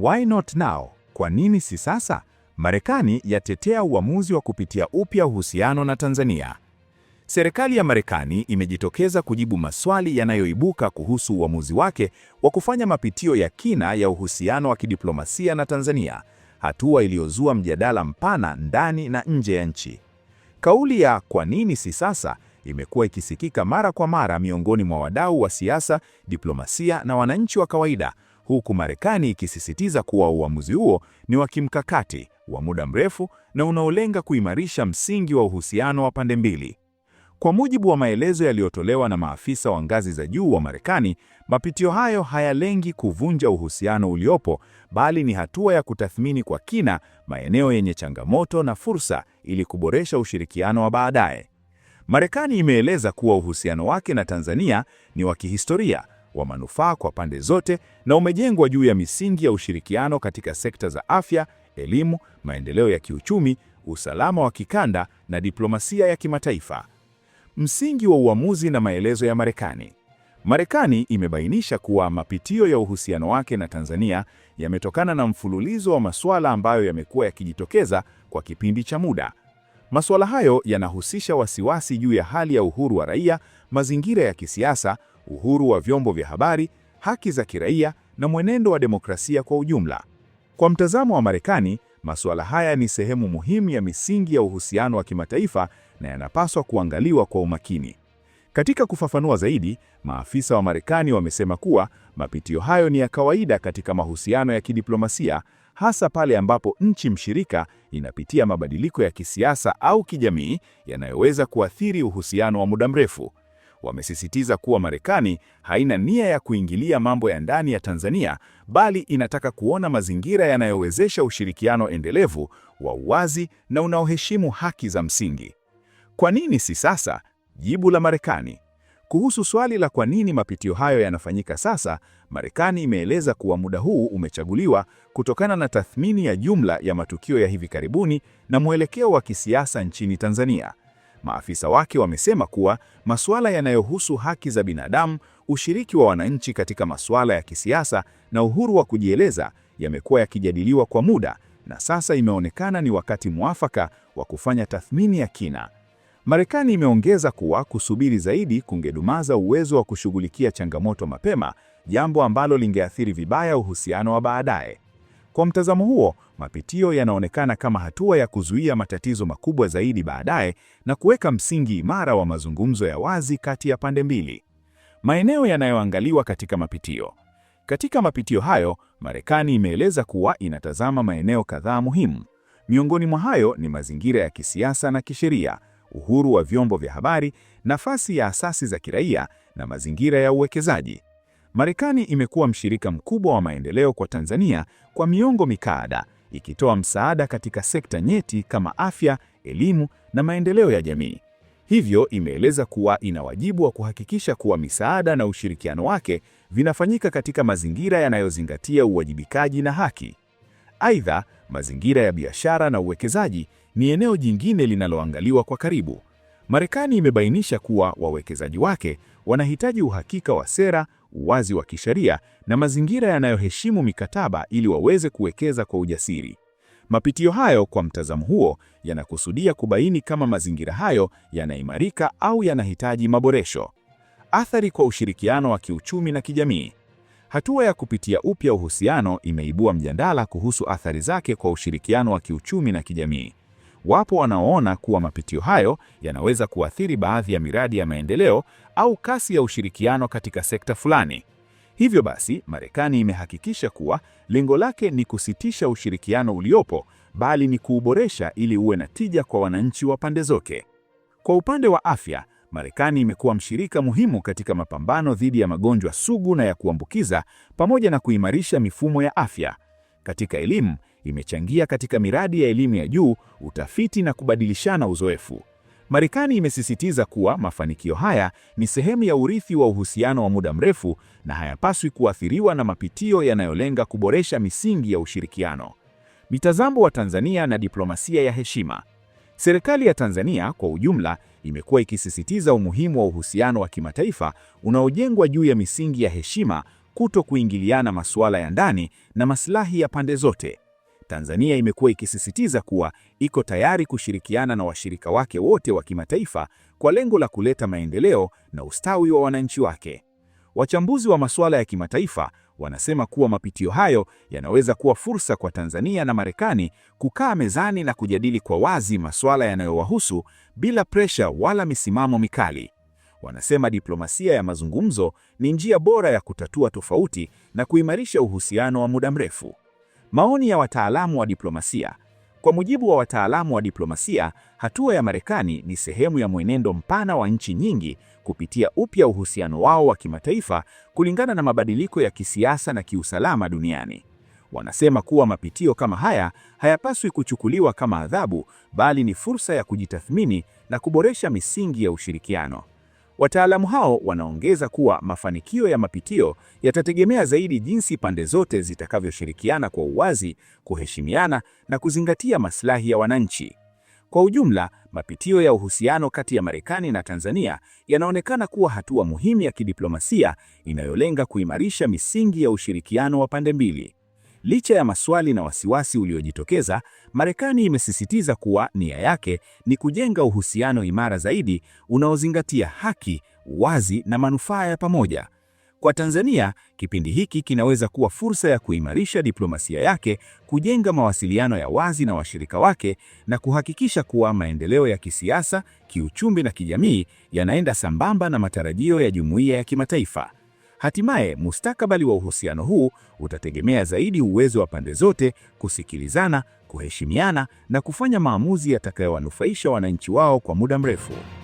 Why not now? Kwa nini si sasa? Marekani yatetea uamuzi wa kupitia upya uhusiano na Tanzania. Serikali ya Marekani imejitokeza kujibu maswali yanayoibuka kuhusu uamuzi wake wa kufanya mapitio ya kina ya uhusiano wa kidiplomasia na Tanzania, hatua iliyozua mjadala mpana ndani na nje ya nchi. Kauli ya kwa nini si sasa imekuwa ikisikika mara kwa mara miongoni mwa wadau wa siasa, diplomasia na wananchi wa kawaida huku Marekani ikisisitiza kuwa uamuzi huo ni wa kimkakati, wa muda mrefu na unaolenga kuimarisha msingi wa uhusiano wa pande mbili. Kwa mujibu wa maelezo yaliyotolewa na maafisa wa ngazi za juu wa Marekani, mapitio hayo hayalengi kuvunja uhusiano uliopo, bali ni hatua ya kutathmini kwa kina maeneo yenye changamoto na fursa ili kuboresha ushirikiano wa baadaye. Marekani imeeleza kuwa uhusiano wake na Tanzania ni wa kihistoria wa manufaa kwa pande zote na umejengwa juu ya misingi ya ushirikiano katika sekta za afya, elimu, maendeleo ya kiuchumi, usalama wa kikanda na diplomasia ya kimataifa. Msingi wa uamuzi na maelezo ya Marekani. Marekani imebainisha kuwa mapitio ya uhusiano wake na Tanzania yametokana na mfululizo wa masuala ambayo yamekuwa yakijitokeza kwa kipindi cha muda. Masuala hayo yanahusisha wasiwasi juu ya hali ya uhuru wa raia, mazingira ya kisiasa, uhuru wa vyombo vya habari, haki za kiraia na mwenendo wa demokrasia kwa ujumla. Kwa mtazamo wa Marekani, masuala haya ni sehemu muhimu ya misingi ya uhusiano wa kimataifa na yanapaswa kuangaliwa kwa umakini. Katika kufafanua zaidi, maafisa wa Marekani wamesema kuwa mapitio hayo ni ya kawaida katika mahusiano ya kidiplomasia, hasa pale ambapo nchi mshirika inapitia mabadiliko ya kisiasa au kijamii yanayoweza kuathiri uhusiano wa muda mrefu wamesisitiza kuwa Marekani haina nia ya kuingilia mambo ya ndani ya Tanzania, bali inataka kuona mazingira yanayowezesha ushirikiano endelevu wa uwazi na unaoheshimu haki za msingi. Kwa nini si sasa? Jibu la Marekani. Kuhusu swali la kwa nini mapitio hayo yanafanyika sasa, Marekani imeeleza kuwa muda huu umechaguliwa kutokana na tathmini ya jumla ya matukio ya hivi karibuni na mwelekeo wa kisiasa nchini Tanzania. Maafisa wake wamesema kuwa masuala yanayohusu haki za binadamu, ushiriki wa wananchi katika masuala ya kisiasa na uhuru wa kujieleza yamekuwa yakijadiliwa kwa muda na sasa imeonekana ni wakati mwafaka wa kufanya tathmini ya kina. Marekani imeongeza kuwa kusubiri zaidi kungedumaza uwezo wa kushughulikia changamoto mapema, jambo ambalo lingeathiri vibaya uhusiano wa baadaye. Kwa mtazamo huo, mapitio yanaonekana kama hatua ya kuzuia matatizo makubwa zaidi baadaye na kuweka msingi imara wa mazungumzo ya wazi kati ya pande mbili. Maeneo yanayoangaliwa katika mapitio. Katika mapitio hayo, Marekani imeeleza kuwa inatazama maeneo kadhaa muhimu. Miongoni mwa hayo ni mazingira ya kisiasa na kisheria, uhuru wa vyombo vya habari, nafasi ya asasi za kiraia na mazingira ya uwekezaji. Marekani imekuwa mshirika mkubwa wa maendeleo kwa Tanzania kwa miongo mikada, ikitoa msaada katika sekta nyeti kama afya, elimu na maendeleo ya jamii. Hivyo imeeleza kuwa ina wajibu wa kuhakikisha kuwa misaada na ushirikiano wake vinafanyika katika mazingira yanayozingatia uwajibikaji na haki. Aidha, mazingira ya biashara na uwekezaji ni eneo jingine linaloangaliwa kwa karibu. Marekani imebainisha kuwa wawekezaji wake wanahitaji uhakika wa sera, uwazi wa kisheria na mazingira yanayoheshimu mikataba ili waweze kuwekeza kwa ujasiri. Mapitio hayo kwa mtazamo huo yanakusudia kubaini kama mazingira hayo yanaimarika au yanahitaji maboresho. Athari kwa ushirikiano wa kiuchumi na kijamii. Hatua ya kupitia upya uhusiano imeibua mjadala kuhusu athari zake kwa ushirikiano wa kiuchumi na kijamii. Wapo wanaoona kuwa mapitio hayo yanaweza kuathiri baadhi ya miradi ya maendeleo au kasi ya ushirikiano katika sekta fulani. Hivyo basi, Marekani imehakikisha kuwa lengo lake ni kusitisha ushirikiano uliopo, bali ni kuuboresha ili uwe na tija kwa wananchi wa pande zote. Kwa upande wa afya, Marekani imekuwa mshirika muhimu katika mapambano dhidi ya magonjwa sugu na ya kuambukiza pamoja na kuimarisha mifumo ya afya. Katika elimu, imechangia katika miradi ya elimu ya juu, utafiti na kubadilishana uzoefu. Marekani imesisitiza kuwa mafanikio haya ni sehemu ya urithi wa uhusiano wa muda mrefu na hayapaswi kuathiriwa na mapitio yanayolenga kuboresha misingi ya ushirikiano. Mitazamo wa Tanzania na diplomasia ya heshima. Serikali ya Tanzania kwa ujumla imekuwa ikisisitiza umuhimu wa uhusiano wa kimataifa unaojengwa juu ya misingi ya heshima, kuto kuingiliana masuala ya ndani na maslahi ya pande zote. Tanzania imekuwa ikisisitiza kuwa iko tayari kushirikiana na washirika wake wote wa kimataifa kwa lengo la kuleta maendeleo na ustawi wa wananchi wake. Wachambuzi wa masuala ya kimataifa wanasema kuwa mapitio hayo yanaweza kuwa fursa kwa Tanzania na Marekani kukaa mezani na kujadili kwa wazi masuala yanayowahusu bila presha wala misimamo mikali. Wanasema diplomasia ya mazungumzo ni njia bora ya kutatua tofauti na kuimarisha uhusiano wa muda mrefu. Maoni ya wataalamu wa diplomasia. Kwa mujibu wa wataalamu wa diplomasia, hatua ya Marekani ni sehemu ya mwenendo mpana wa nchi nyingi kupitia upya uhusiano wao wa kimataifa kulingana na mabadiliko ya kisiasa na kiusalama duniani. Wanasema kuwa mapitio kama haya hayapaswi kuchukuliwa kama adhabu, bali ni fursa ya kujitathmini na kuboresha misingi ya ushirikiano. Wataalamu hao wanaongeza kuwa mafanikio ya mapitio yatategemea zaidi jinsi pande zote zitakavyoshirikiana kwa uwazi, kuheshimiana na kuzingatia maslahi ya wananchi. Kwa ujumla, mapitio ya uhusiano kati ya Marekani na Tanzania yanaonekana kuwa hatua muhimu ya kidiplomasia inayolenga kuimarisha misingi ya ushirikiano wa pande mbili. Licha ya maswali na wasiwasi uliojitokeza, Marekani imesisitiza kuwa nia yake ni kujenga uhusiano imara zaidi unaozingatia haki, wazi na manufaa ya pamoja. Kwa Tanzania, kipindi hiki kinaweza kuwa fursa ya kuimarisha diplomasia yake, kujenga mawasiliano ya wazi na washirika wake na kuhakikisha kuwa maendeleo ya kisiasa, kiuchumi na kijamii yanaenda sambamba na matarajio ya jumuiya ya kimataifa. Hatimaye, mustakabali wa uhusiano huu utategemea zaidi uwezo wa pande zote kusikilizana, kuheshimiana na kufanya maamuzi yatakayowanufaisha wananchi wao kwa muda mrefu.